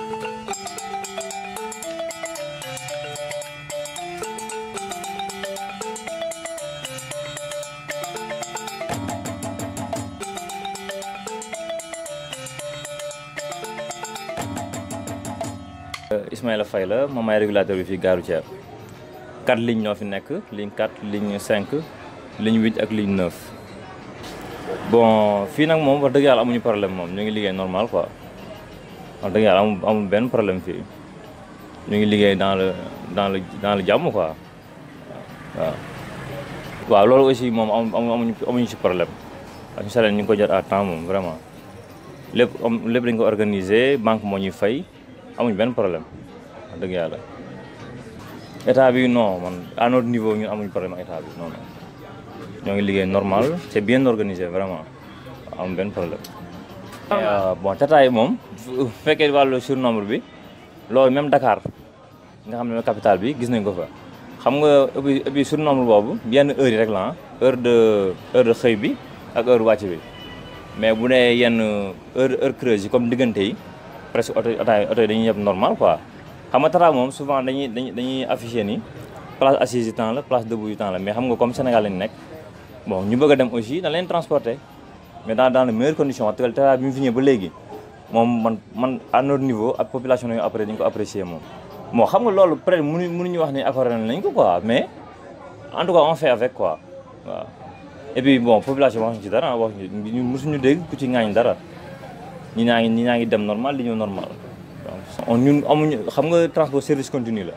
Eh, Ismaïla Faye la moom ay régulateur bi fii gaaru Thiès quatre lignes ñoo fi ligne 4 ligne 5 ligne 8 ak ligne 9 bon fii nag moom wax dëgg yàlla amuñu problème moom ñu ngi liggéey normal quoi wax dëgg yàlla amul amul benn problème fii ñu ngi liggéey dans la dans le dans le jàmm quoi waaw. waaw loolu aussi moom amuñu amuñu si problème ak ñu ñu ngi ko jot à temps moom vraiment lépp am lépp dañ ko organiser banque moo ñuy fay amuñu benn problème wax dëgg yàlla état bi non man à notre niveau ñun amuñu problème ak état bi non non ñoo ngi liggéey normal c'est bien organisé vraiment amuñu benn problème. bon tataay moom bu fekkee wàllu surnombre bi loolu même dakaar nga xam ne capitale bi gis nañ ko fa. xam nga et puis surnombre boobu yenn heure yi rek la heure de heure xëy bi ak heure wàcc bi mais bu nee yenn heure heure creuse yi comme diggante yi presque oto oto yi dañuy yëpp normal quoi. xam nga tataay moom souvent dañuy dañuy dañuy affiché ni place assise du temps la place debout du temps la mais xam nga comme Sénégal lañ nekk bon ñu bëgg dem aussi dañ mais dans dans les meilleures conditions en tout cas travail fi ñëwee ba léegi moom man man à niveau ak population yi après dañu ko apprécier moom. bon xam nga loolu peut être mënu mënuñu wax ni accordé nañ ko quoi mais en tout cas on fait avec quoi waaw. et puis bon population waxuñu ci dara waxuñu ñu mosuñu dégg ku ci ŋaañ dara ñu ñaa ngi ñi ñaa ngi dem normal di ñëw normal donc ñun amuñu xam nga transport service continu la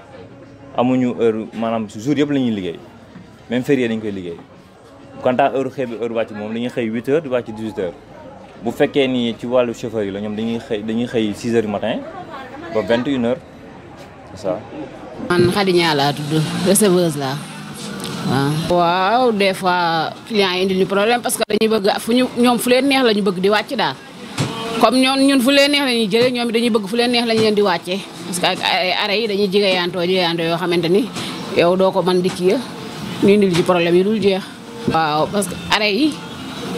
amuñu heure maanaam jour yëpp la ñuy liggéey même férié dañ koy liggéey. quant à heure xëy heure wàcc mom dañuy xey 8 h di wàcc 18 h bu fekkee ni ci walu chauffeur yi la ñom dañuy xey dañuy xey 6 h du matin ba 21 h c'est ça. man Khady la tuddu receveuse la waaw. des fois client indi indil ñu problème parce que dañuy bëgg fu ñu ñom fu leen neex lañu bëgg di wàcc da comme ñon ñun fu leen neex lañu jëlé ñom dañuy bëgg fu leen neex lañu leen di wàccee parce que ay arrêt yi dañuy jigéeyantoo jigéeyantoo yo xamanteni yow doko man mën di kii ñu indi ci problème yi dul jeex. waaw parce que arrêt yi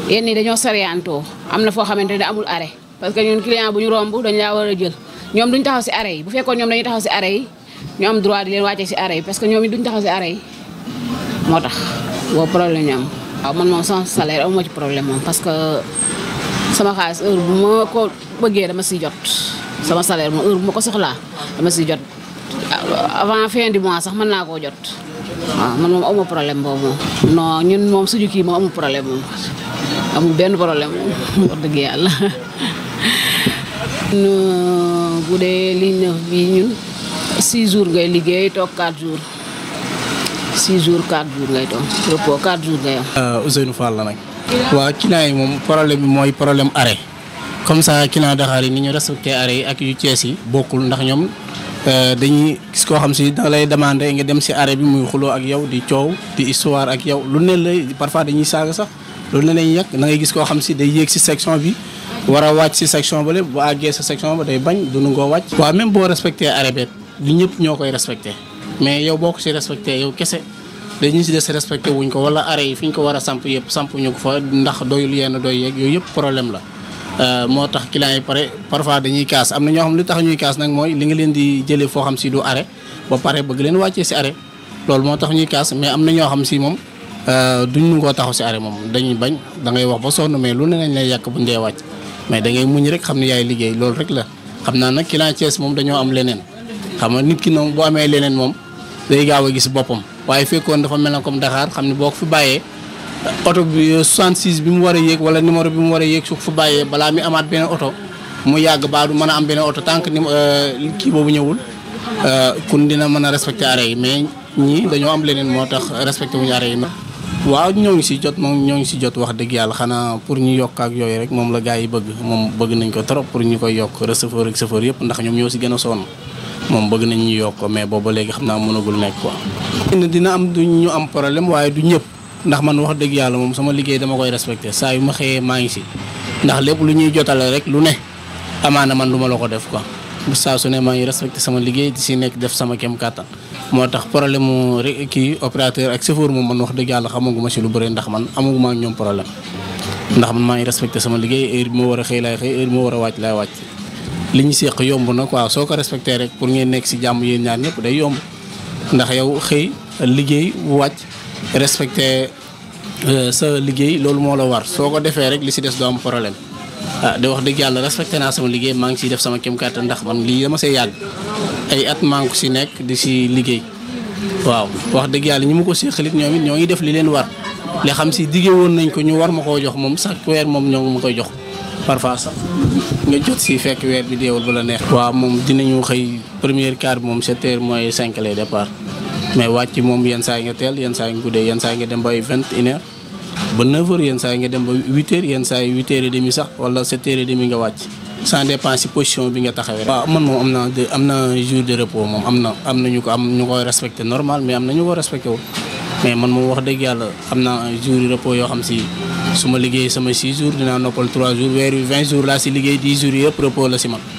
yenn yi dañoo soriantoo am na foo xamante ne amul arrêt parce que ñun client bu ñu romb dañ laa war a jël ñoom duñ taxaw si arrêt yi bu fekkoon ñoom dañuy taxaw si arrêt yi ñu am droit di leen wàcce si arrêt yi parce que moo tax boobu problème ñu am waaw man moom sans salaire amuma ci problème moom parce que sama xaalis bu ma ko bëggee dama si jot sama salaire moom bu ma ko soxlaa dama si jot avant fin du mois sax man naa ko jot waaw man mom amu problème bobu non ñun mom suñu ki mo amu problème amu ben problème moom wax dëgg yàlla bu dee ligne neuf bi ñun 6 jours ngay liggéey tok 4 jours six jours 4 jours ngay do repo 4 jours ngay euh Ousseynou Fall la nag. waaw client yi problème moy problème arrêt comme ça client Dakar yi ni ñu respecté arrêt ak yu Thiès bokul ndax ñom Euh, dañuy gis koo xam si da lay demandé nga dem si arrêt bi muy xuloo ak yow di coow di histoire ak yow lu ne lay parfois dañuy saaga sax loolu ne lañuy yàq da ngay gis koo xam si day yéeg si section bi war a wàcc si section ba lépp àggee sa section ba day bañ du nangoo wàcc waa même boo respecté arrêt bi du ñëpp ñoo koy respecté mais yow boo ko si respecté yow kese dañu si des respecté wuñ ko wala arrêt yi fi ñu ko war a samp yëpp samp ñu ko fa ndax doyul yenn doy yeeg yooyu yëpp problème la Euh, moo tax clients yi pare parfois dañuy kaas am na ñoo xam li tax ñuy kaas nag mooy li nga leen di jëlee foo xam si du arrêt ba pare bëgg leen wàccee si arrêt loolu moo tax ñuy kaas mais am na ñoo xam si moom euh, duñ nu ngoo taxaw si arrêt moom dañuy bañ da ngay wax ba sonn mais lu ne lay yàq buñ dee wàcc mais da muñ rek xam ne yaay liggéey loolu rek la xam naa nag client Thiès moom dañoo am leneen xam nga nit ki noonu bu amee leneen moom day gaaw a gis boppam waaye oto bi 66 euh, bi mu war a yéeg wala numéro bi mu war a yéeg su ko fa bàyyee balaa mi amaat beneen oto mu yàgg baa du man a am beneen oto tant que ni euh, kii boobu ñëwul euh, kun dina mën a respecté arrêt yi mais ñii dañoo am leneen moo tax respecté wuñu arrêt yi waaw ñoo ngi si jot moom ñoo ngi si jot wax dëgg yàlla xanaa pour ñu yokk ak yooyu rek moom la gars yi bëgg moom bëgg nañ ko trop pour ñu koy yokk receveur ak chauffeur yëpp ndax ñoom ñoo si gën a sonn moom bëgg nañ ñu yokk mais booba léegi xam naa mënagul nekk quoi. dina am du ñu am problème waaye du ñëpp. ndax man wax dëgg yàlla moom sama liggéey dama koy respecté saa yu ma xëyee maa ngi si ndax lépp lu ñuy jotale rek lu ne amaana man duma la ko def ko saa su ne maa ngi respecté sama liggéey di si nekk def sama kem kàttan moo tax problème mu kii opérateur ak chauffeur moom man wax dëgg yàlla xamaguma si lu bëri ndax man amaguma ak ñoom problème ndax man maa ngi respecté sama liggéey heure bi ma war a xëy laay xëy heure bi ma war a wàcc laay wàcc li ñu seq yomb na quoi soo ko respecté rek pour ngeen nekk si jàmm yéen ñaar ñëpp day yomb ndax yow wàcc respecté euh, sa liggéey loolu moo la war soo ko defee rek li si des do am problème ah di wax dëgg yàlla respecté naa sama liggéey maa ngi ciy def sama kim kàttan ndax man lii dama see yàgg ay at maa ngi ko si nekk di si liggéey waaw wax dëgg yàlla ñi ko séqalit ñoom it ñoo ngi def li leen war li xam si diggé woon nañ ko ñu war ma koo jox moom sax weer moom ñoo ma koy jox parfois sax nga jot si fekk weer bi deewul bu la neex waaw moom dinañu xëy première car bi moom sept heures mooy cinq lay départ mais wàcc moom yenn saa yi nga teel yenn saa yi nga dem ba ay vingt une heure ba neuf heures yenn saa nga dem ba huit heures yenn saa huit heures et demi sax wala sept heures et demi nga wàcc. sans dépend si position bi nga taxawee. waaw man moom am na am na jour de repos moom am na am na ñu ko am ñu ko respecté normal mais am na ñu ko respecté wul mais man moom wax dëgg yàlla am na jour de repos yoo xam si su ma liggéey sama six jours dinaa noppal trois jours weer wi vingt jours laa